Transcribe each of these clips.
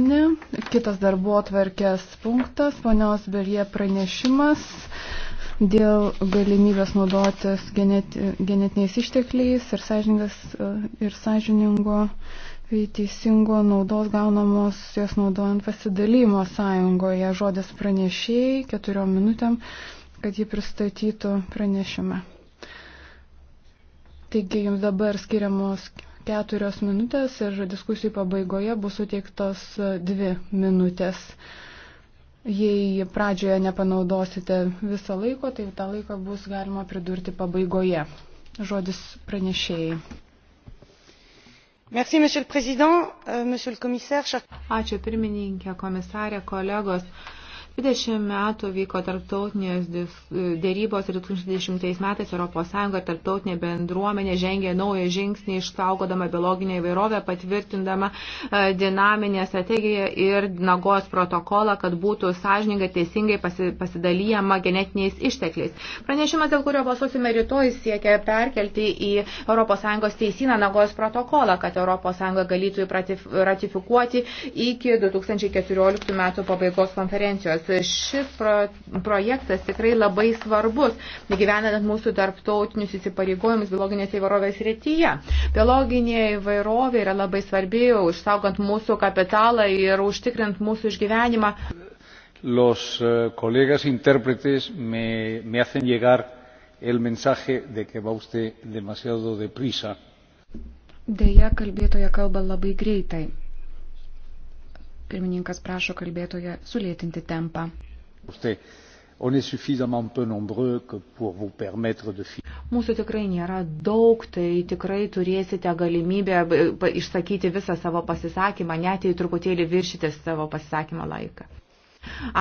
Valienė. Kitas darbo atverkės punktas, ponios Berie pranešimas dėl galimybės naudotis geneti, genetiniais ištekliais ir, sąžiningas, ir sąžiningo bei teisingo naudos gaunamos jas naudojant pasidalymo sąjungoje. Žodis pranešėjai keturiom minutėm, kad jį pristatytų pranešimą. Taigi jums dabar skiriamos keturios minutės ir diskusijų pabaigoje bus suteiktos dvi minutės. Jei pradžioje nepanaudosite visą laiko, tai tą laiką bus galima pridurti pabaigoje. Žodis pranešėjai. Merci, monsieur le président, euh, monsieur le commissaire. Ačiū pirmininkė, komisarė, kolegos. 20 metų vyko tarptautinės dėrybos ir 2010 metais ES ir tarptautinė bendruomenė žengė naują žingsnį išsaugodama biologinę įvairovę, patvirtindama e, dinaminę strategiją ir nagos protokolą, kad būtų sąžiningai teisingai pasidalyjama genetiniais ištekliais. Pranešimas, dėl kurio balsuosime rytoj, siekia perkelti į ES teisiną nagos protokolą, kad ES galėtų ratifikuoti iki 2014 metų pabaigos konferencijos darbas. Šis pro, projektas tikrai labai svarbus, gyvenant mūsų tarptautinius įsipareigojimus biologinės įvairovės rytyje. Biologinė įvairovė yra labai svarbi, išsaugant mūsų kapitalą ir užtikrint mūsų išgyvenimą. Los eh, colegas intérpretes me, me hacen llegar el mensaje de que va usted demasiado deprisa. Deja, kalbėtoja kalba labai greitai. Pirmininkas prašo kalbėtoje sulėtinti tempą. Mūsų tikrai nėra daug, tai tikrai turėsite galimybę e, išsakyti visą savo pasisakymą, net jei truputėlį viršite savo pasisakymo laiką.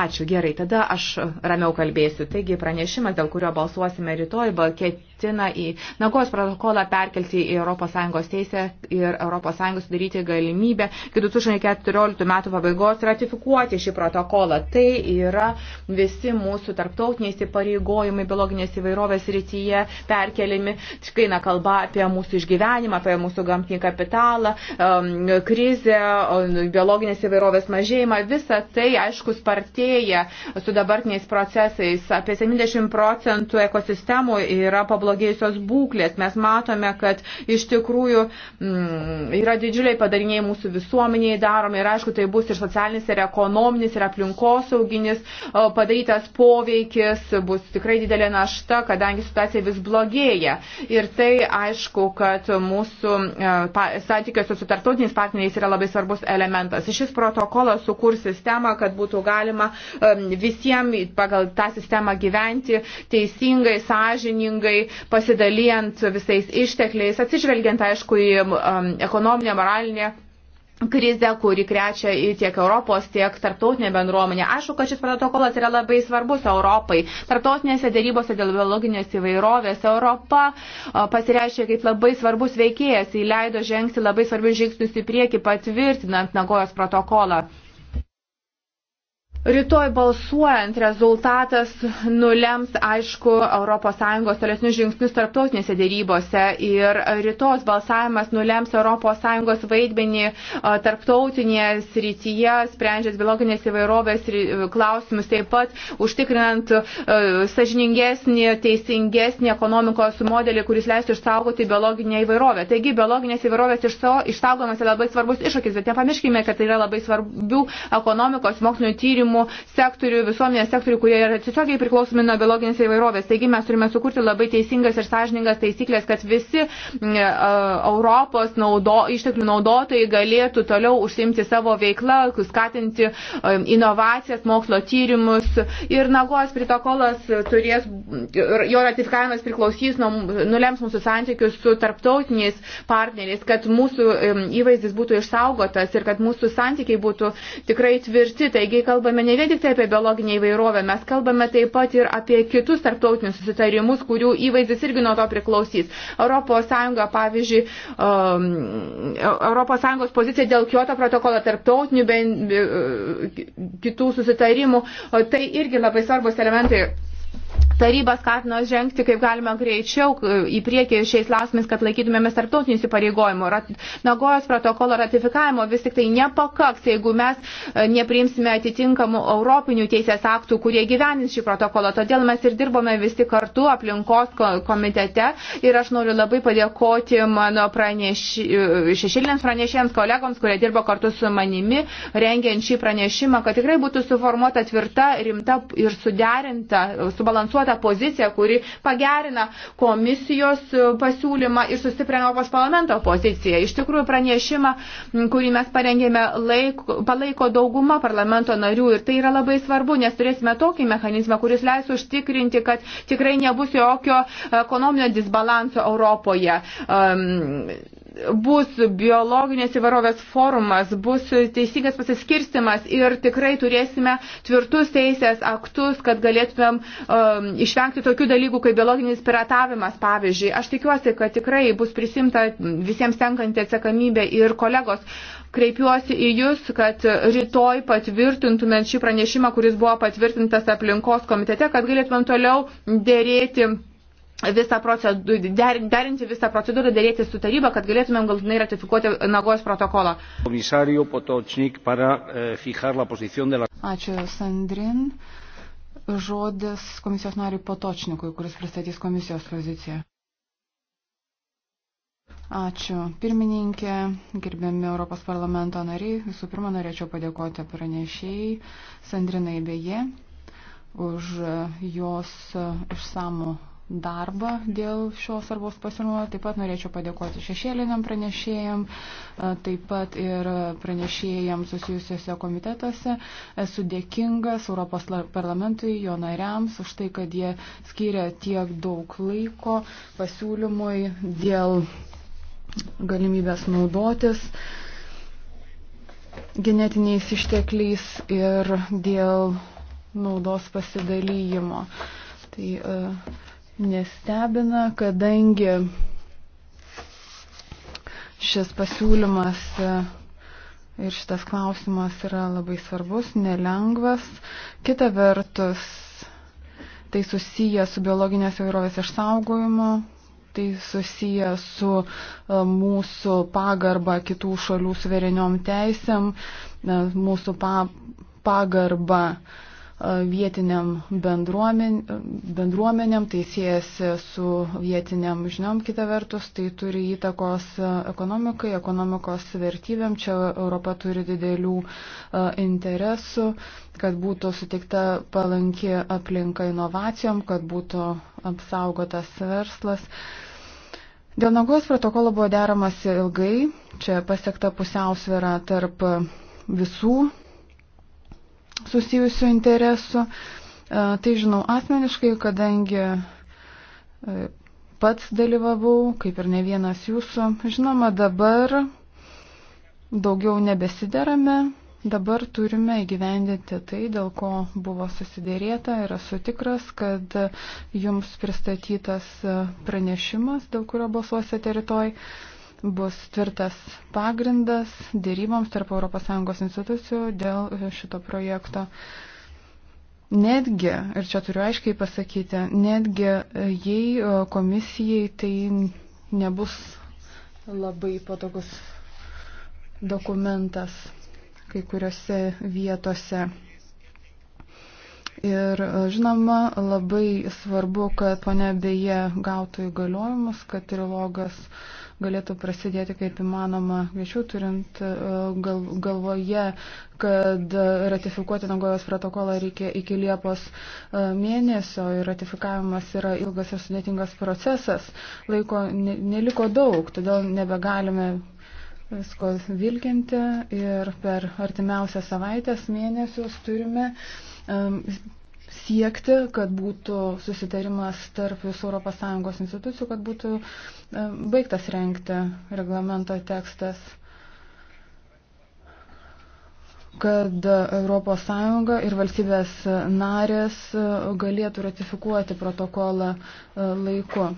Ačiū, gerai, tada aš ramiau kalbėsiu. Taigi pranešimas, dėl kurio balsuosime rytoj, ket, Palestiną į Nagos protokolą perkelti į ES teisę ir ES sudaryti galimybę iki 2014 metų pabaigos ratifikuoti šį protokolą. Tai yra visi mūsų tarptautiniai įsipareigojimai biologinės įvairovės rytyje perkeliami, kai eina kalba apie mūsų išgyvenimą, apie mūsų gamtinį kapitalą, um, krizę, um, biologinės įvairovės mažėjimą. Visa tai, aišku, spartėja su dabartiniais procesais. Apie 70 procentų ekosistemų yra pabloginti pablogėjusios būklės. Mes matome, kad iš tikrųjų m, mm, yra didžiuliai padariniai mūsų visuomeniai daromi ir aišku, tai bus ir socialinis, ir ekonominis, ir aplinkosauginis padarytas poveikis, bus tikrai didelė našta, kadangi situacija vis blogėja. Ir tai aišku, kad mūsų e, santykiuose su tarptautiniais partneriais yra labai svarbus elementas. Šis protokolas sukurs sistemą, kad būtų galima e, visiems pagal tą sistemą gyventi teisingai, sąžiningai pasidalijant visais ištekliais, atsižvelgiant, aišku, į um, ekonominę, moralinę krizę, kuri krečia į tiek Europos, tiek tarptautinę bendruomenę. Aišku, kad šis protokolas yra labai svarbus Europai. Tarptautinėse dėrybose dėl biologinės įvairovės Europa pasireiškia kaip labai svarbus veikėjas, įleido žengti labai svarbius žingsnius į priekį, patvirtinant Nagojos protokolą. Rytoj balsuojant rezultatas nulems, aišku, ES tolesnius žingsnius tarptautinėse dėrybose ir rytoj balsavimas nulems ES vaidmenį tarptautinėje srityje, sprendžiant biologinės įvairovės klausimus, taip pat užtikrinant sažiningesnį, teisingesnį ekonomikos modelį, kuris leistų išsaugoti biologinę įvairovę. Taigi biologinės įvairovės išsaugomas yra labai svarbus iššūkis, bet nepamirškime, kad tai yra labai svarbių ekonomikos mokslinių tyrimų gyvenimo sektorių, visuomenės sektorių, kurie yra tiesiogiai priklausomi nuo biologinės įvairovės. Taigi mes turime sukurti labai teisingas ir sąžiningas taisyklės, kad visi e, Europos naudo, išteklių naudotojai galėtų toliau užsimti savo veiklą, skatinti e, inovacijas, mokslo tyrimus. Ir Nagos protokolas turės, jo ratifikavimas priklausys, nulems mūsų santykius su tarptautiniais partneriais, kad mūsų e, įvaizdis būtų išsaugotas ir kad mūsų santykiai būtų tikrai tvirti. Taigi kalbame kalbame ne vien tik tai apie biologinę įvairovę, mes kalbame taip pat ir apie kitus tarptautinius susitarimus, kurių įvaizdis irgi nuo to priklausys. ES, pavyzdžiui, um, ES pozicija dėl Kyoto protokolo tarptautinių ben, kitų susitarimų, tai irgi labai svarbus elementai Taryba skatino žengti kaip galima greičiau į priekį šiais klausimais, kad laikytumėmės tarptautinių įsipareigojimų. Nagojos protokolo ratifikavimo vis tik tai nepakaks, jeigu mes e, nepriimsime atitinkamų europinių teisės aktų, kurie gyvenins šį protokolą. Todėl mes ir dirbome visi kartu aplinkos komitete ir aš noriu labai padėkoti mano praneš... E, šešiliniams pranešėjams kolegoms, kurie dirbo kartu su manimi, rengiant šį pranešimą, kad tikrai būtų suformuota tvirta, rimta ir suderinta, subalansuota subalansuotą poziciją, kuri pagerina komisijos e, pasiūlymą ir sustiprina Europos parlamento poziciją. Iš tikrųjų, pranešimą, kurį mes parengėme, laik, palaiko dauguma parlamento narių ir tai yra labai svarbu, nes turėsime tokį mechanizmą, kuris leis užtikrinti, kad tikrai nebus jokio ekonominio disbalanso Europoje. Um, bus biologinės įvarovės forumas, bus teisingas pasiskirstimas ir tikrai turėsime tvirtus teisės aktus, kad galėtumėm um, išvengti tokių dalykų kaip biologinis piratavimas, pavyzdžiui. Aš tikiuosi, kad tikrai bus prisimta visiems tenkanti atsakomybė ir kolegos. Kreipiuosi į Jūs, kad rytoj patvirtintumėt šį pranešimą, kuris buvo patvirtintas aplinkos komitete, kad galėtumėm toliau dėrėti visą procedūrą, derinti visą procedūrą, dėrėti su taryba, kad galėtumėm galutinai ratifikuoti Nagojos protokolą. Eh, Ačiū, Sandrin. Žodis komisijos nariui Potočnikui, kuris pristatys komisijos poziciją. Ačiū pirmininkė, gerbiami Europos parlamento nariai. Visų pirma, norėčiau padėkoti pranešėjai Sandrinai Beje už jos išsamų darbą dėl šio svarbos pasiūlymo. Taip pat norėčiau padėkoti šešėliniam pranešėjam, taip pat ir pranešėjam susijusiuose komitetuose. Esu dėkingas Europos parlamentui, jo nariams, už tai, kad jie skiria tiek daug laiko pasiūlymui dėl galimybės naudotis genetiniais ištekliais ir dėl naudos pasidalymo. Tai uh, nestebina, kadangi šis pasiūlymas ir šitas klausimas yra labai svarbus, nelengvas. Kita vertus, tai susiję su biologinės įvairovės išsaugojimu, tai susiję su e, mūsų pagarba kitų šalių suvereniom teisėm, e, mūsų pa pagarba uh, vietiniam bendruomen, bendruomenėm, tai siejasi su vietiniam žiniom, kita vertus, tai turi įtakos ekonomikai, ekonomikos vertybėm, čia Europa turi didelių e, interesų, kad būtų sutikta palanki aplinka inovacijom, kad būtų apsaugotas verslas. Dėl Nagos protokolo buvo deramasi ilgai, čia pasiekta pusiausvėra tarp visų susijusių interesų. E, tai žinau asmeniškai, kadangi e, pats dalyvavau, kaip ir ne vienas jūsų. Žinoma, dabar daugiau nebesiderame, dabar turime įgyvendinti tai, dėl ko buvo susidėrėta ir esu tikras, kad jums pristatytas pranešimas, dėl kurio balsuosite rytoj, bus tvirtas pagrindas dėryboms tarp ES institucijų dėl šito projekto. Netgi, ir čia turiu aiškiai pasakyti, netgi jei komisijai tai nebus labai patogus dokumentas kai kuriuose vietose. Ir žinoma, labai svarbu, kad pane beje gautų įgaliojimus, kad trilogas uh, galėtų prasidėti kaip įmanoma greičiau, turint e, gal, galvoje, kad ratifikuoti Nagojos protokolą reikia iki Liepos e, mėnesio ir ratifikavimas yra ilgas ir sudėtingas procesas. Laiko neliko daug, todėl nebegalime visko vilkinti ir per artimiausią savaitę, mėnesius turime um, siekti, kad būtų susitarimas tarp visų ES institucijų, kad būtų e, baigtas renkti reglamento tekstas kad ES ir valstybės narės e, galėtų ratifikuoti protokolą e, laiku.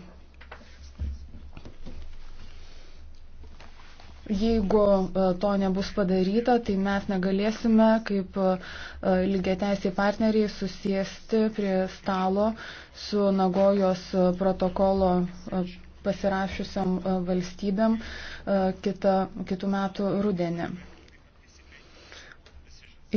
Jeigu e, to nebus padaryta, tai mes negalėsime kaip e, lygiateisiai partneriai susėsti prie stalo su Nagojos e, protokolo pasirašiusiam valstybėm kita, kitų metų rudenį.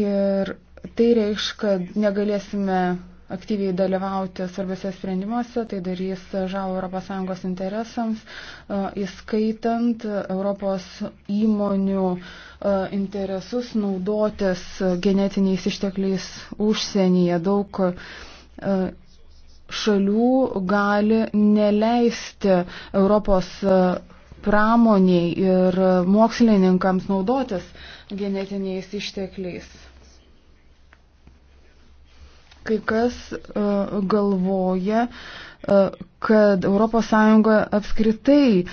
Ir tai reiškia, kad negalėsime aktyviai dalyvauti svarbiose sprendimuose, tai darys žalą ES interesams, e, įskaitant Europos įmonių e, interesus naudotis genetiniais ištekliais užsienyje. Daug e, šalių gali neleisti Europos pramoniai ir mokslininkams naudotis genetiniais ištekliais kai kas e, galvoja, e, kad ES apskritai e,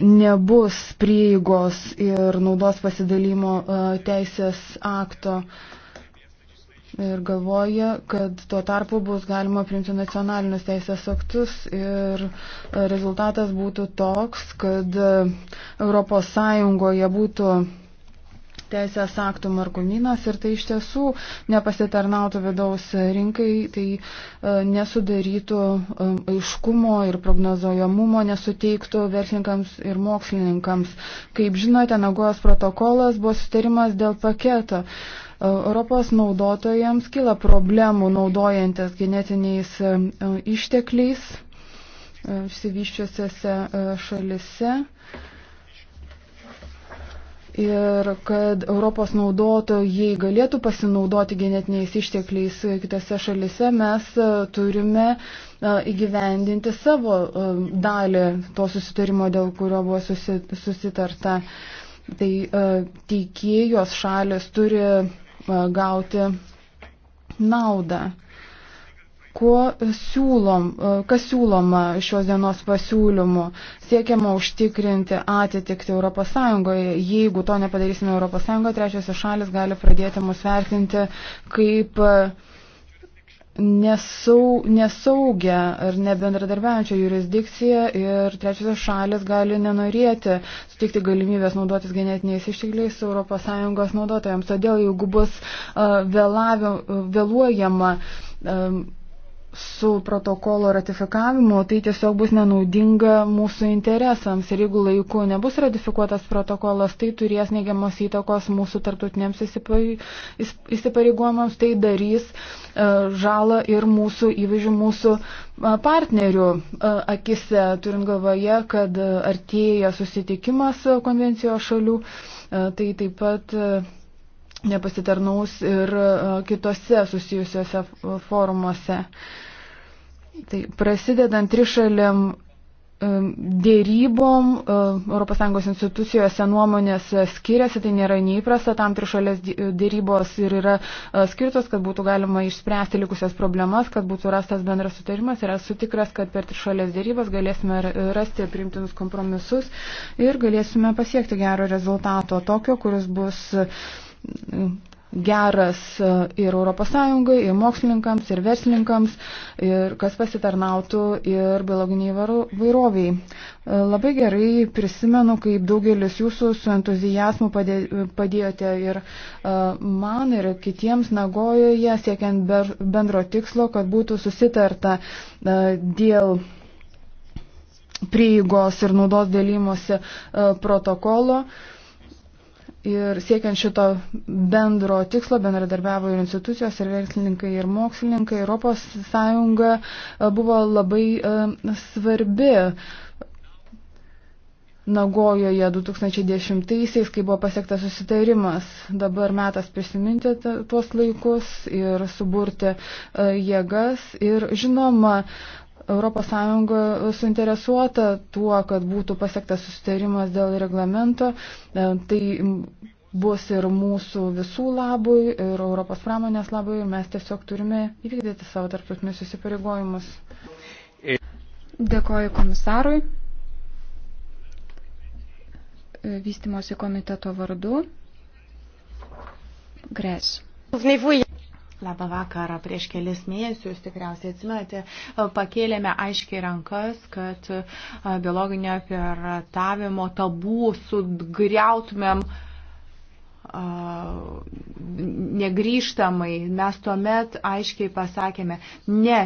nebus prieigos ir naudos pasidalymo teisės akto ir galvoja, kad tuo tarpu bus galima priimti nacionalinius teisės aktus ir rezultatas būtų toks, kad ES būtų teisės aktų margumynas ir tai iš tiesų nepasitarnautų vidaus rinkai, tai e, nesudarytų e, aiškumo ir prognozojamumo, nesuteiktų verslininkams ir mokslininkams. Kaip žinote, Nagojos protokolas buvo sutarimas dėl paketo. E, Europos naudotojams kyla problemų naudojantis genetiniais ištekliais išsivyščiusiose šalise ir kad Europos naudotojai galėtų pasinaudoti genetiniais ištekliais kitose šalise, mes e, turime e, įgyvendinti savo e, dalį to susitarimo, dėl kurio buvo susitarta. Tai teikėjos šalis turi gauti naudą. Kuo siūlom, e, kas siūloma šios dienos pasiūlymu? Siekiama užtikrinti atitikti ES. Jeigu to nepadarysime ES, trečiosios šalis gali pradėti mus vertinti kaip e, nesau, nesaugia ar nebendradarbiaujančia jurisdikcija ir trečiosios šalis gali nenorėti sutikti galimybės naudotis genetiniais ištekliais ES naudotojams. Todėl jeigu bus uh, e, vėlavio, vėluojama um, su protokolo ratifikavimu, tai tiesiog bus nenaudinga mūsų interesams. Ir jeigu laiku nebus ratifikuotas protokolas, tai turės neigiamos įtakos mūsų tartutiniams įsipareigojimams, tai darys e, žalą ir mūsų įvežių, mūsų e, partnerių e, akise, turint galvoje, kad artėja susitikimas konvencijos šalių, tai taip pat nepasitarnaus ir e, kitose susijusiuose forumuose. Tai prasidedant trišalėm e, dėrybom ES institucijose nuomonės skiriasi, tai nėra neįprasta, tam trišalės dėrybos ir yra e, skirtos, kad būtų galima išspręsti likusias problemas, kad būtų rastas bendras sutarimas ir esu tikras, kad per trišalės dėrybas galėsime rasti priimtinus kompromisus ir galėsime pasiekti gero rezultato, tokio, kuris bus geras ir ES, ir mokslininkams, ir verslininkams, ir kas pasitarnautų ir biologiniai vairoviai. Labai gerai prisimenu, kaip daugelis jūsų su entuzijasmu padėjote ir e, man, ir kitiems Nagojoje, siekiant bendro tikslo, kad būtų susitarta e, dėl prieigos ir naudos dalymosi e, protokolo. Uh, Ir siekiant šito bendro tikslo bendradarbiavo ir institucijos, ir verslininkai, ir mokslininkai. Europos Sąjunga e, buvo labai e, svarbi Nagojoje 2010-aisiais, kai buvo pasiektas susitarimas. Dabar metas prisiminti tuos laikus ir suburti e, jėgas. Ir žinoma, ES suinteresuota tuo, kad būtų pasiektas susitarimas dėl reglamento. E, tai bus ir mūsų visų labui, ir Europos pramonės labui, ir mes tiesiog turime įvykdyti savo tarptautinius įsipareigojimus. Dėkoju komisarui. Vystimosi komiteto vardu. Grės. Labą vakarą. Prieš kelis mėnesius, tikriausiai atsimenate, pakėlėme aiškiai rankas, kad biologinio piratavimo tabų sugriautumėm uh, negryžtamai mes tuomet aiškiai pasakėme ne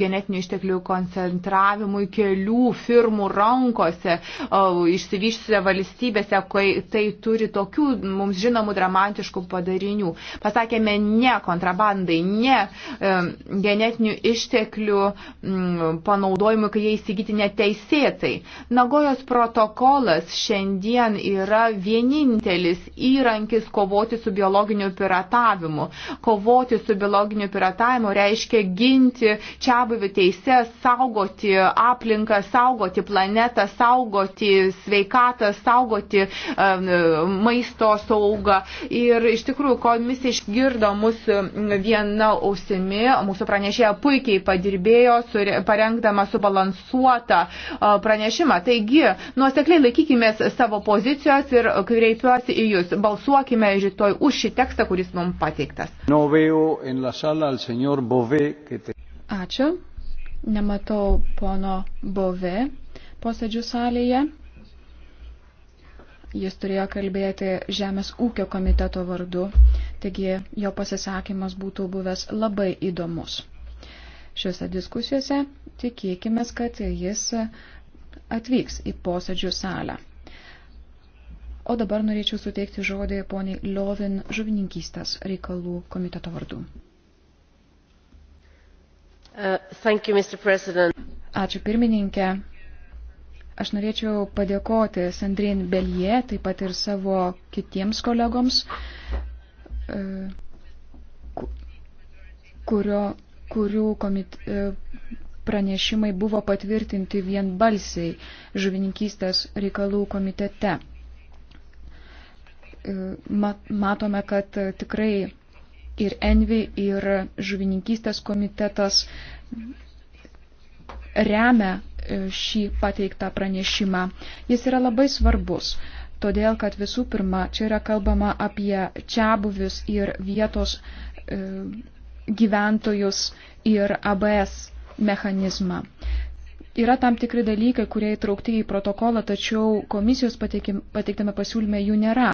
genetinių išteklių koncentravimui kelių firmų rankose išsivyščiusiose valstybėse, kai tai turi tokių mums žinomų dramatiškų padarinių. Pasakėme ne kontrabandai, ne e, genetinių išteklių panaudojimui, kai jie įsigyti neteisėtai. Nagojos protokolas šiandien yra vienintelis įrankis, įrankis kovoti su biologiniu piratavimu. Kovoti su biologiniu piratavimu reiškia ginti čia buvių teises, saugoti aplinką, saugoti planetą, saugoti sveikatą, saugoti um, maisto saugą. Ir iš tikrųjų, komisija išgirdo mus viena ausimi, mūsų pranešėja puikiai padirbėjo, parengdama subalansuotą e, pranešimą. Taigi, nuosekliai laikykime savo pozicijos ir kreipiuosi į Jūs. Balsuoti balsuokime rytoj už šį tekstą, kuris mums pateiktas. Ačiū. Nematau pono Bove posėdžių salėje. Jis turėjo kalbėti Žemės ūkio komiteto vardu, taigi jo pasisakymas būtų buvęs labai įdomus. Šiuose diskusijose tikėkime, kad jis atvyks į posėdžių salę. O dabar norėčiau suteikti žodį poniai Lovin žuvininkystės reikalų komiteto vardu. Uh, thank you, Mr. President. Ačiū pirmininkė. Aš norėčiau padėkoti Sandrin Belie, taip pat ir savo kitiems kolegoms, uh, kurio, kurių komit, uh, pranešimai buvo patvirtinti vienbalsiai žuvininkystės reikalų komitete matome, kad tikrai ir Envi, ir žuvininkystės komitetas remia e, šį pateiktą pranešimą. Jis yra labai svarbus, todėl kad visų pirma, čia yra kalbama apie čia buvius ir vietos e, gyventojus ir ABS mechanizmą. Yra tam tikri dalykai, kurie įtraukti į protokolą, tačiau komisijos pateiktame pasiūlyme jų nėra.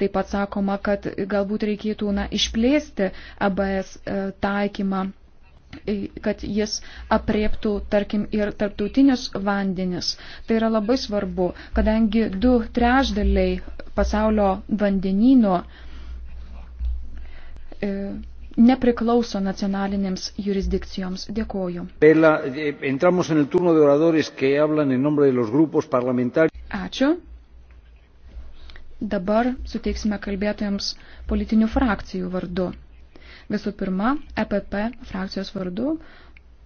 Taip pat sakoma, kad galbūt reikėtų na, išplėsti ABS e, taikymą kad jis apriektų, tarkim, ir tarptautinius vandenis. Tai yra labai svarbu, kadangi du trešdaliai pasaulio vandenino e, nepriklauso nacionalinėms jurisdikcijoms. Dėkoju. Eh, Ačiū. Dabar suteiksime kalbėtojams politinių frakcijų vardu. Visų pirma, EPP frakcijos vardu,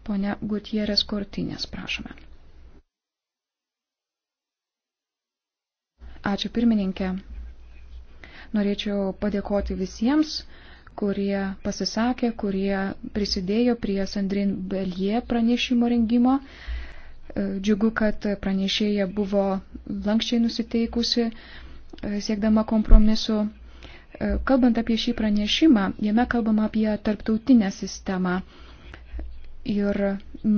ponia Gutierės Kortinės, prašome. Ačiū pirmininkė. Norėčiau padėkoti visiems, kurie pasisakė, kurie prisidėjo prie Sandrin Belie pranešimo rengimo. E, džiugu, kad pranešėja buvo lankščiai nusiteikusi, e, siekdama kompromisu. E, kalbant apie šį pranešimą, jame kalbama apie tarptautinę sistemą. Ir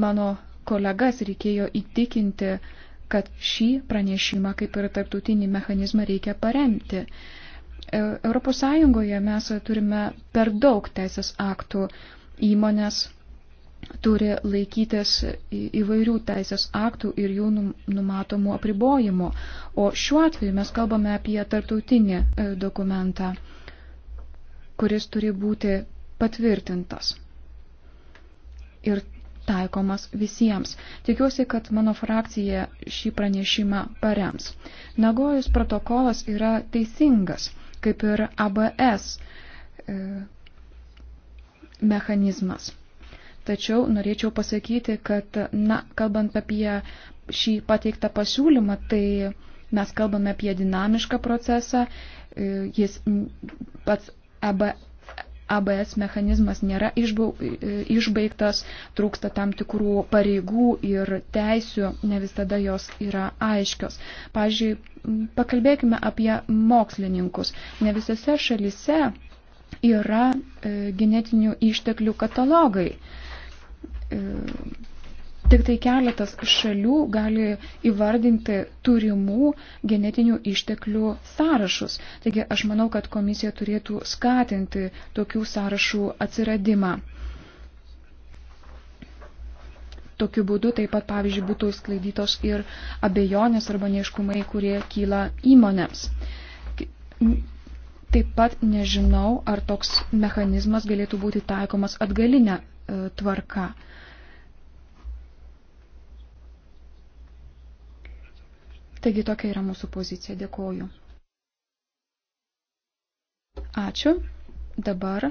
mano kolegas reikėjo įtikinti, kad šį pranešimą, kaip ir tarptautinį mechanizmą, reikia paremti. E, Europos Sąjungoje mes turime per daug teisės aktų įmonės turi laikytis įvairių teisės aktų ir jų numatomų apribojimų. O šiuo atveju mes kalbame apie tarptautinį e, dokumentą, kuris turi būti patvirtintas ir taikomas visiems. Tikiuosi, kad mano frakcija šį pranešimą parems. Nagojus protokolas yra teisingas kaip ir ABS e, mechanizmas. Tačiau norėčiau pasakyti, kad, na, kalbant apie šį pateiktą pasiūlymą, tai mes kalbame apie dinamišką procesą, e, jis pats EBS ABS mechanizmas nėra išbaigtas, trūksta tam tikrų pareigų ir teisių, ne visada jos yra aiškios. Pavyzdžiui, pakalbėkime apie mokslininkus. Ne visose šalise yra e, genetinių išteklių katalogai e, Tik tai keletas šalių gali įvardinti turimų genetinių išteklių sąrašus. Taigi aš manau, kad komisija turėtų skatinti tokių sąrašų atsiradimą. Tokiu būdu taip pat, pavyzdžiui, būtų sklaidytos ir abejonės arba neiškumai, kurie kyla įmonėms. Taip pat nežinau, ar toks mechanizmas galėtų būti taikomas atgalinę e, tvarką. E, Taigi tokia yra mūsų pozicija. Dėkoju. Ačiū. Dabar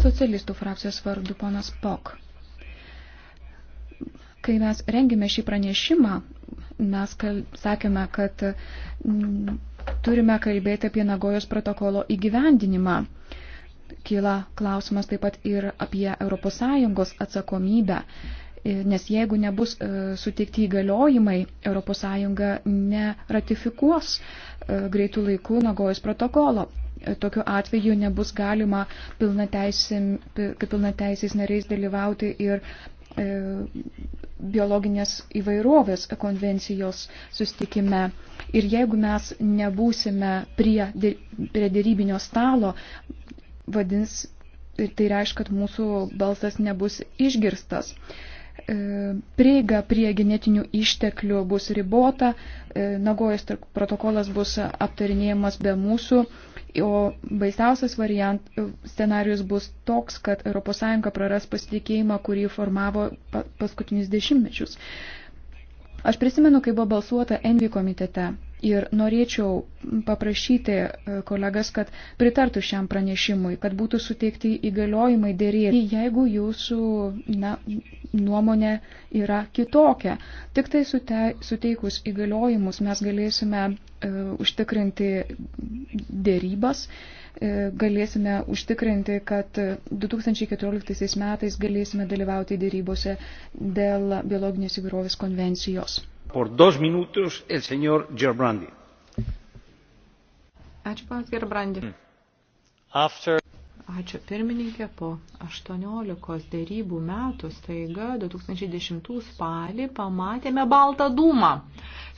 socialistų frakcijos vardu ponas Pok. Kai mes rengėme šį pranešimą, mes kal, sakėme, kad m, mm, turime kalbėti apie Nagojos protokolo įgyvendinimą. Kyla klausimas taip pat ir apie ES atsakomybę nes jeigu nebus e, suteikti įgaliojimai, ES neratifikuos e, greitų laikų Nagojus protokolo. E, tokiu atveju nebus galima pilnateisiais nariais dalyvauti ir biologinės įvairovės konvencijos sustikime. Ir jeigu mes nebūsime prie, prie dėrybinio stalo, vadins, tai reiškia, kad mūsų balsas nebus išgirstas. Uh, E, prieiga prie genetinių išteklių bus ribota, e, Nagojos protokolas bus aptarinėjamas be mūsų, o baisiausias variant, e, scenarius bus toks, kad ES praras pasitikėjimą, kurį formavo paskutinius dešimtmečius. Aš prisimenu, kai buvo balsuota Envi komitete Ir norėčiau paprašyti e, kolegas, kad pritartų šiam pranešimui, kad būtų suteikti įgaliojimai dėrėti, jeigu jūsų na, nuomonė yra kitokia. Tik tai sute, suteikus įgaliojimus mes galėsime e, užtikrinti dėrybas, e, galėsime užtikrinti, kad 2014 metais galėsime dalyvauti dėrybose dėl biologinės įvairovės konvencijos. Minutus, Ačiū, panas Gerbrandi. Hmm. After... Ačiū pirmininkė, po 18 dėrybų metų staiga 2010 spalį pamatėme baltą dūmą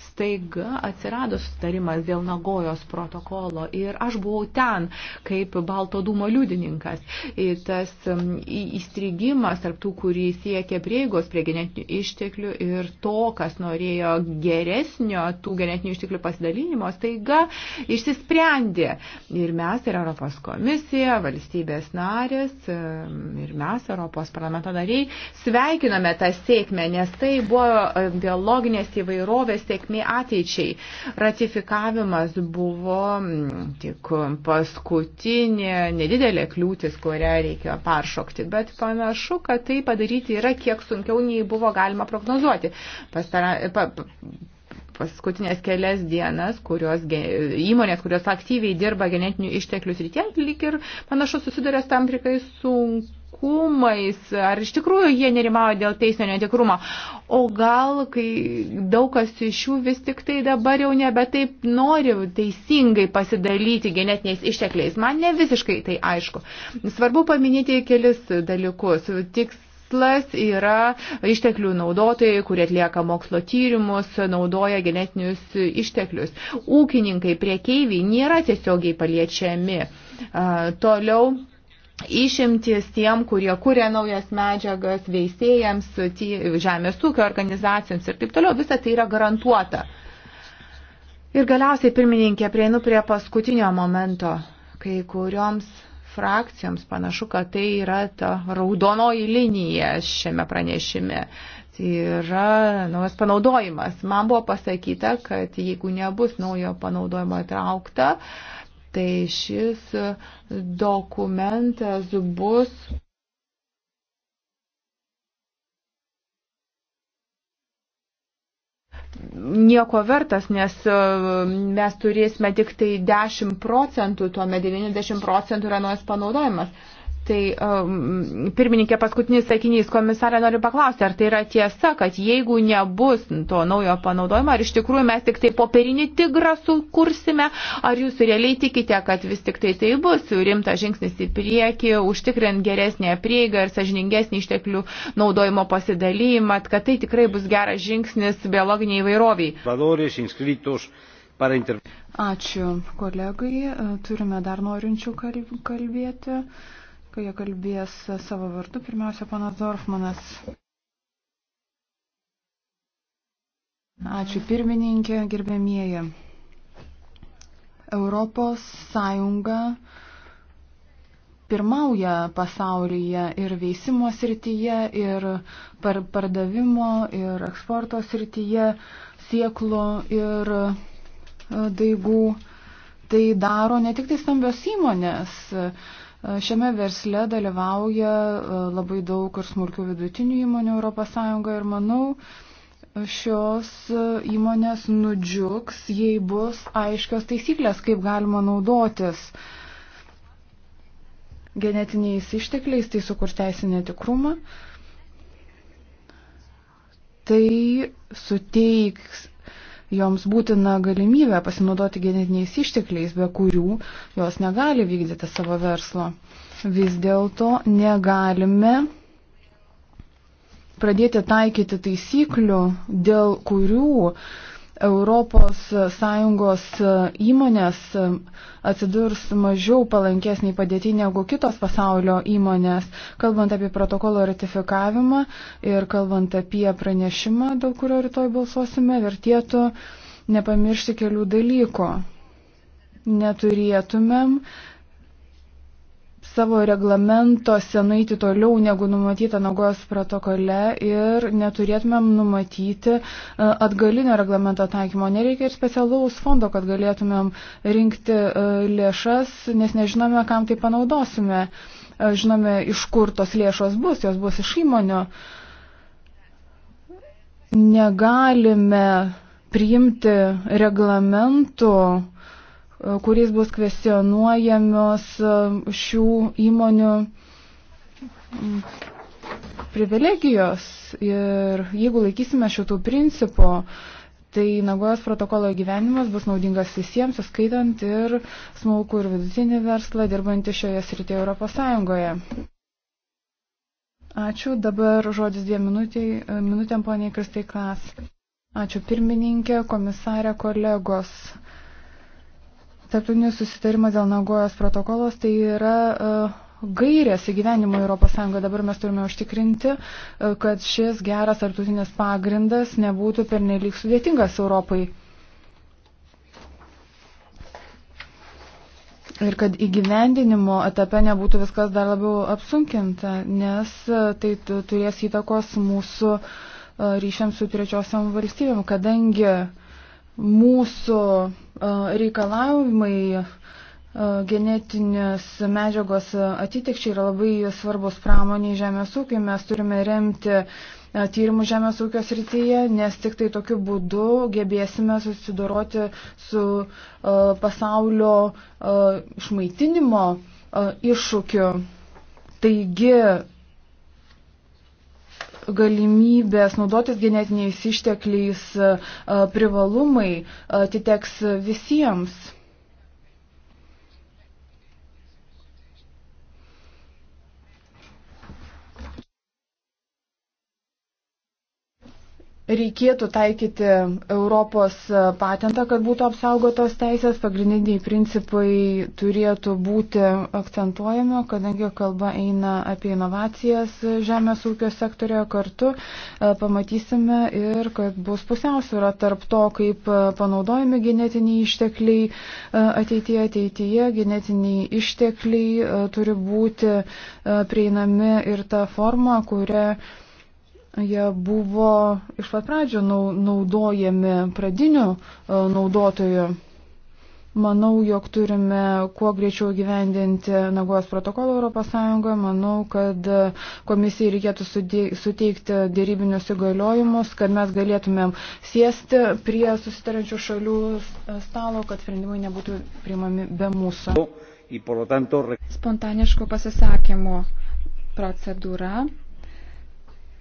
staiga atsirado sustarimas dėl Nagojos protokolo ir aš buvau ten kaip Balto dūmo liudininkas. Ir tas um, įstrigimas tarp tų, kurį siekia prieigos prie genetinių išteklių ir to, kas norėjo geresnio tų genetinių išteklių pasidalinimo, staiga išsisprendė. Ir mes, ir Europos komisija, valstybės narės, um, ir mes, Europos parlamento nariai, sveikiname tą sėkmę, nes tai buvo um, biologinės įvairovės sėkmė sėkmė ateičiai. Ratifikavimas buvo mm, tik paskutinė nedidelė kliūtis, kurią reikėjo peršokti, bet panašu, kad tai padaryti yra kiek sunkiau nei buvo galima prognozuoti. Pastara, pa, pa, paskutinės kelias dienas, kurios įmonės, kurios aktyviai dirba genetinių išteklių srityje, lyg ir panašu susiduria tam tikrais sunkumais sunkumais, ar iš tikrųjų jie nerimauja dėl teisinio netikrumo, o gal kai daug kas iš jų vis tik tai dabar jau nebe taip nori teisingai pasidalyti genetiniais ištekliais. Man ne visiškai tai aišku. Svarbu paminėti kelis dalykus. Tiks tikslas yra išteklių naudotojai, kurie atlieka mokslo tyrimus, naudoja genetinius išteklius. Ūkininkai, priekeiviai nėra tiesiogiai paliečiami. Toliau išimtis tiem, kurie kūrė naujas medžiagas, veisėjams, žemės ūkio organizacijoms ir taip toliau, visa tai yra garantuota. Ir galiausiai, pirmininkė, prieinu prie paskutinio momento, kai kurioms frakcijoms panašu, kad tai yra ta raudonoji linija šiame pranešime. Tai yra naujas panaudojimas. Man buvo pasakyta, kad jeigu nebus naujo panaudojimo įtraukta, uh, tai šis dokumentas bus nieko vertas, nes e, mes turėsime tik tai 10 procentų, tuomet 90 procentų yra naujas panaudojimas. Tai um, pirmininkė paskutinis sakinys, komisarė noriu paklausti, ar tai yra tiesa, kad jeigu nebus to naujo panaudojimo, ar iš tikrųjų mes tik tai popierinį tigrą sukursime, ar jūs realiai tikite, kad vis tik tai tai bus rimtas žingsnis į priekį, užtikrint geresnę prieigą ir sažiningesnį išteklių naudojimo pasidalymą, kad tai tikrai bus geras žingsnis biologiniai įvairoviai. Ačiū kolegai, turime dar norinčių kalbėti kai jie kalbės savo vardu. Pirmiausia, panas Dorfmanas. Ačiū pirmininkė, gerbėmieji. Europos Sąjunga pirmauja pasaulyje ir veisimo srityje, ir par pardavimo, ir eksporto srityje, sieklo ir e, daigų. Tai daro ne tik tai stambios įmonės, Šiame versle dalyvauja e, labai daug ir smulkių vidutinių įmonių ES ir manau, šios e, įmonės nudžiugs, jei bus aiškios taisyklės, kaip galima naudotis genetiniais ištekliais, tai sukurs teisinę tikrumą. Tai suteiks joms būtina galimybė pasinaudoti genetiniais ištekliais, be kurių jos negali vykdyti savo verslo. Vis dėlto negalime pradėti taikyti taisyklių, dėl kurių ES įmonės atsidurs mažiau palankesniai padėti negu kitos pasaulio įmonės. Kalbant apie protokolo ratifikavimą ir kalbant apie pranešimą, dėl kurio rytoj balsuosime, vertėtų nepamiršti kelių dalykų. Neturėtumėm savo reglamentuose naiti toliau negu numatyta Nagojos protokole ir neturėtumėm numatyti e, atgalinio reglamento taikymo. Nereikia ir specialaus fondo, kad galėtumėm rinkti e, lėšas, nes nežinome, kam tai panaudosime. E, žinome, iš kur tos lėšos bus, jos bus iš įmonių. Negalime priimti reglamentų, E, kuriais bus kvestionuojamos e, šių įmonių privilegijos. Ir jeigu laikysime šitų principų, tai Nagojos protokolo gyvenimas bus naudingas visiems, įskaitant ir smulkų ir vidutinį verslą dirbantį šioje srityje Europos Sąjungoje. Ačiū. Dabar žodis dviem minutėm poniai Kristai Klas. Ačiū pirmininkė, komisarė, kolegos. Tarptautinis susitarimas dėl Nagojos protokolos tai yra uh, gairės įgyvenimo ES. Dabar mes turime užtikrinti, e, kad šis geras tarptautinis pagrindas nebūtų pernelyg sudėtingas Europai. Ir kad įgyvendinimo etape nebūtų viskas dar labiau apsunkinta, nes e, tai turės įtakos mūsų ryšiams su trečiosiam valstybėm, kadangi uh, mūsų e, reikalavimai e, genetinės medžiagos atitikčiai yra labai svarbus pramoniai žemės ūkiai. Mes turime remti e, tyrimų žemės ūkio srityje, nes tik tai tokiu būdu gebėsime susidoroti su pasaulio išmaitinimo iššūkiu. Taigi galimybės naudotis genetiniais ištekliais privalumai atiteks visiems. reikėtų taikyti Europos patentą, kad būtų apsaugotos teisės, pagrindiniai principai turėtų būti akcentuojami, kadangi kalba eina apie inovacijas žemės ūkio sektorioje kartu, e, pamatysime ir kad bus pusiausvėra tarp to, kaip panaudojami genetiniai ištekliai e, ateityje, ateityje genetiniai ištekliai e, turi būti prieinami ir ta forma, kuria jie buvo iš pat pradžio naudojami pradinių e, naudotojų. Manau, jog turime kuo greičiau gyvendinti Nagos protokolą ES. Manau, kad komisijai reikėtų suteikti dėrybinius įgaliojimus, kad mes galėtumėm sėsti prie susitarančių šalių stalo, kad sprendimai nebūtų priimami be mūsų. Spontaniškų pasisakymų procedūra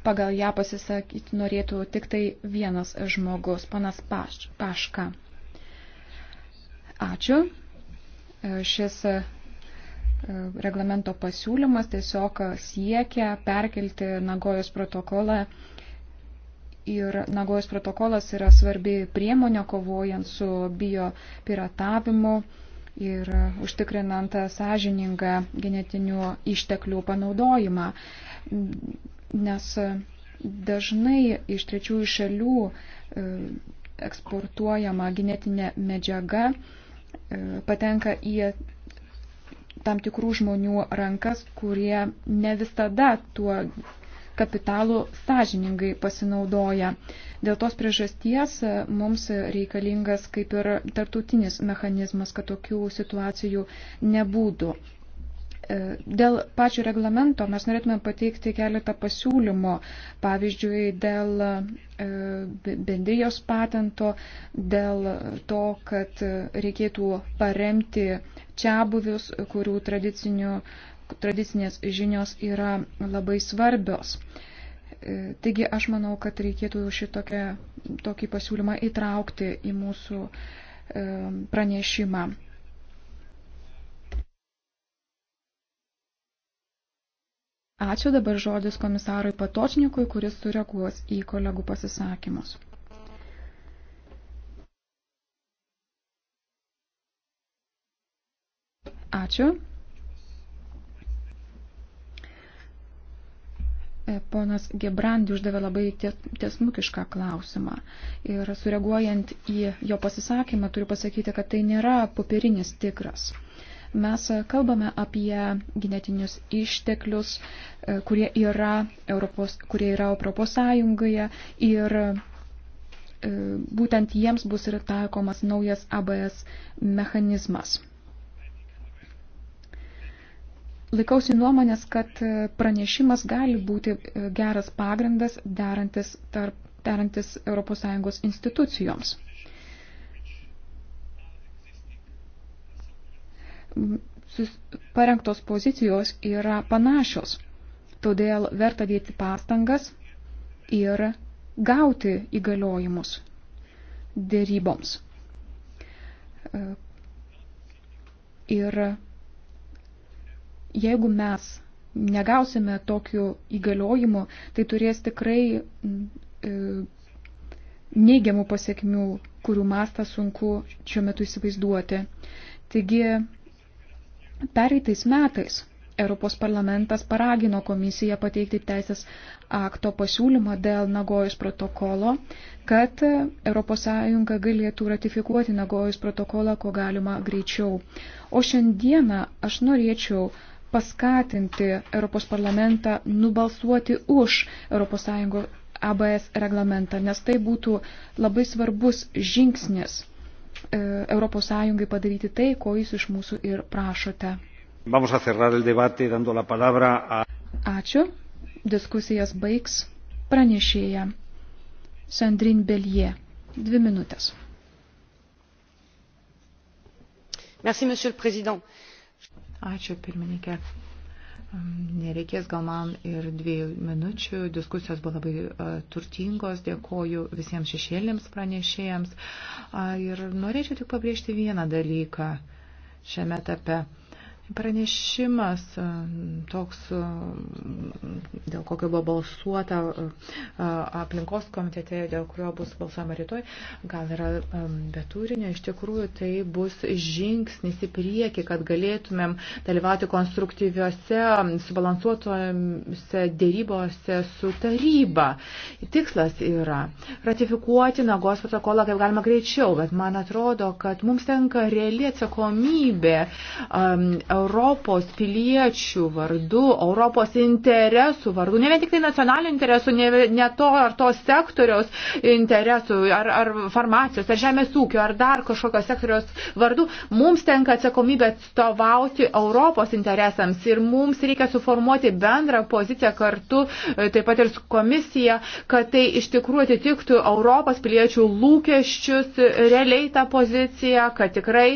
pagal ją pasisakyti norėtų tik tai vienas žmogus, panas Paš, Paška. Ačiū. Šis e, reglamento pasiūlymas tiesiog siekia perkelti Nagojos protokolą. Ir Nagojos protokolas yra svarbi priemonė kovojant su bio piratavimu ir užtikrinant sąžiningą genetinių išteklių panaudojimą nes e, dažnai iš trečiųjų šalių e, eksportuojama genetinė medžiaga e, patenka į tam tikrų žmonių rankas, kurie ne visada tuo kapitalu sąžiningai pasinaudoja. Dėl tos priežasties mums reikalingas kaip ir tartutinis mechanizmas, kad tokių situacijų nebūtų, E, dėl pačio reglamento mes norėtume pateikti keletą pasiūlymų, pavyzdžiui, dėl e, bendrijos patento, dėl to, kad reikėtų paremti čia buvius, kurių tradicinės žinios yra labai svarbios. E, taigi aš manau, kad reikėtų šitokią, tokį pasiūlymą įtraukti į mūsų pranešimą. Ačiū dabar žodis komisarui Patočnikui, kuris sureaguos į kolegų pasisakymus. Ačiū. E, ponas Gebrandi uždavė labai tiesmukišką klausimą. Ir sureaguojant į jo pasisakymą, turiu pasakyti, kad tai nėra popierinis tikras. Mes kalbame apie genetinius išteklius, e, kurie yra Europos, kurie yra Europos Sąjungoje ir e, būtent jiems bus ir taikomas naujas ABS mechanizmas. Laikausi nuomonės, kad pranešimas gali būti e, geras pagrindas derantis, tarp, derantis ES institucijoms. parengtos pozicijos yra panašios. Todėl verta dėti pastangas ir gauti įgaliojimus dėryboms. E, ir jeigu mes negausime tokių įgaliojimų, tai turės tikrai e, neigiamų pasiekmių, kurių mastą sunku šiuo metu įsivaizduoti. Taigi Pereitais metais Europos parlamentas paragino komisiją pateikti teisės akto pasiūlymą dėl Nagojus protokolo, kad ES galėtų ratifikuoti Nagojus protokolą, ko galima greičiau. O šiandieną aš norėčiau paskatinti Europos parlamentą nubalsuoti už ES ABS reglamentą, nes tai būtų labai svarbus žingsnis E, Europos Sąjungai padaryti tai, ko jūs iš mūsų ir prašote. Debate, a... Ačiū. Diskusijas baigs pranešėja Sandrin Belie. Dvi minutės. Merci, Ačiū, pirmininkė. Nereikės gal man ir dviejų minučių. Diskusijos buvo labai uh, turtingos. Dėkoju visiems šešėlėms pranešėjams. Uh, ir norėčiau tik pabrėžti vieną dalyką šiame etape. Uh, pranešimas toks, dėl kokio buvo balsuota aplinkos komitete, dėl kurio bus balsuojama rytoj, gal yra beturinio, iš tikrųjų tai bus žingsnis į priekį, kad galėtumėm dalyvauti konstruktyviuose, subalansuotuose dėrybose su taryba. Tikslas yra ratifikuoti Nagos protokolą kaip galima greičiau, bet man atrodo, kad mums tenka reali atsakomybė. Um, Europos piliečių vardu, Europos interesų vardu, ne vien tik tai nacionalinių interesų, ne, ne to ar to sektoriaus interesų, ar, ar farmacijos, ar žemės ūkio, ar dar kažkokio sektoriaus vardu, mums tenka atsakomybė atstovauti Europos interesams ir mums reikia suformuoti bendrą poziciją kartu, e, taip pat ir su komisija, kad tai iš tikrųjų atitiktų Europos piliečių lūkesčius, realiai tą poziciją, kad tikrai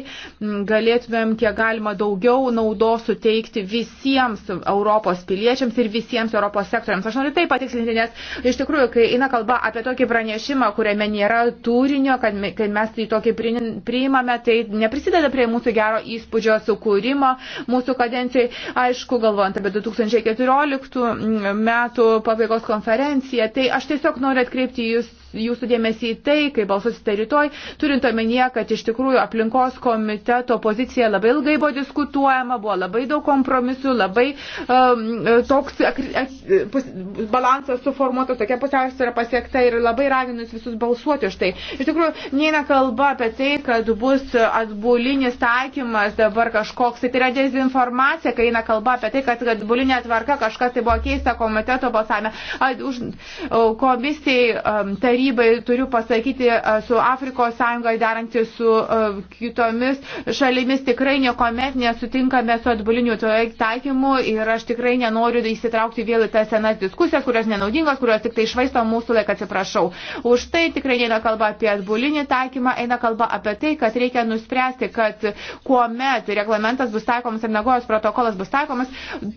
galėtumėm kiek galima daugiau daugiau naudos suteikti visiems Europos piliečiams ir visiems Europos sektoriams. Aš noriu tai patikslinti, nes iš tikrųjų, kai eina kalba apie tokį pranešimą, kuriame nėra turinio, kad kai mes tai tokį priimame, tai neprisideda prie mūsų gero įspūdžio sukūrimo mūsų kadencijai. Aišku, galvojant apie 2014 metų pabaigos konferenciją, tai aš tiesiog noriu atkreipti jūs jūsų dėmesį į tai, kai balsuosite rytoj, turint omenyje, kad iš tikrųjų aplinkos komiteto pozicija labai ilgai buvo diskutuojama, buvo labai daug kompromisų, labai um, toks ak, ak, pus, balansas suformuotas, tokia pusiausvyrė pasiekta ir labai raginus visus balsuoti už tai. Iš tikrųjų, neina kalba apie tai, kad bus atbulinis taikymas dabar kažkoks, tai yra dezinformacija, kai eina kalba apie tai, kad atbulinė tvarka kažkas tai buvo keista komiteto balsavime. Už komisijai um, tarybai tarybai, turiu pasakyti, e, su Afrikos sąjungoje derantį su e, kitomis šalimis tikrai niekuomet nesutinkame su atbuliniu tai taikymu ir aš tikrai nenoriu įsitraukti vėl į tas senas diskusijas, kurios nenaudingos, kurios tik tai išvaisto mūsų laiką, atsiprašau. Už tai tikrai neina kalba apie atbulinį taikymą, eina kalba apie tai, kad reikia nuspręsti, kad kuomet reglamentas bus taikomas ir nagojos protokolas bus taikomas,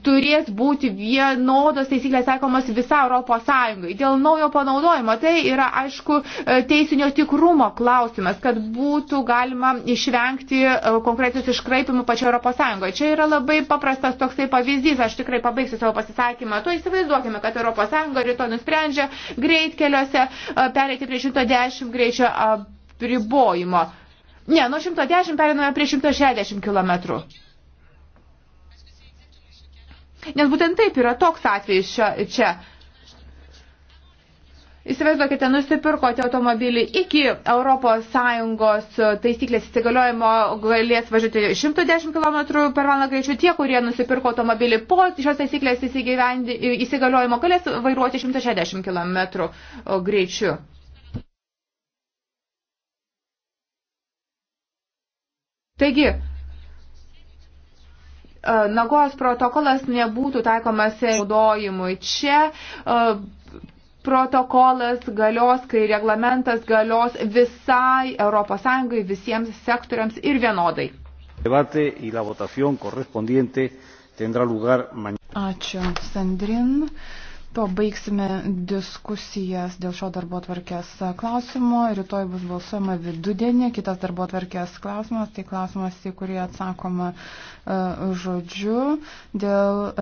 turės būti vienodos taisyklės taikomas visą Europos Sąjungai. Dėl naujo panaudojimo tai yra aišku, e, teisinio tikrumo klausimas, kad būtų galima išvengti e, konkrečius iškraipimų pačioje Europos Sąjungoje. Čia yra labai paprastas toksai pavyzdys, aš tikrai pabaigsiu savo pasisakymą. Tuo įsivaizduokime, kad Europos Sąjunga rytoj nusprendžia greitkeliuose e, pereiti prie 110 greičio apribojimo. Ne, nuo 110 periname prie 160 km. Nes būtent taip yra toks atvejis čia. čia. Įsivaizduokite, nusipirkote automobilį iki ES taisyklės įsigaliojimo galės važiuoti 110 km per valandą greičiu. Tie, kurie nusipirko automobilį po šios taisyklės įsigaliojimo galės vairuoti 160 km greičiu. Taigi, e, Nagos protokolas nebūtų taikomas naudojimui. Čia uh, protokolas galios, kai reglamentas galios visai ES, visiems sektoriams ir vienodai. Ačiū, Sandrin. To baigsime diskusijas dėl šio darbo tvarkės klausimo. Rytoj bus balsuojama vidudienį. Kitas darbo tvarkės klausimas, tai klausimas, į kurį atsakoma e, žodžiu dėl.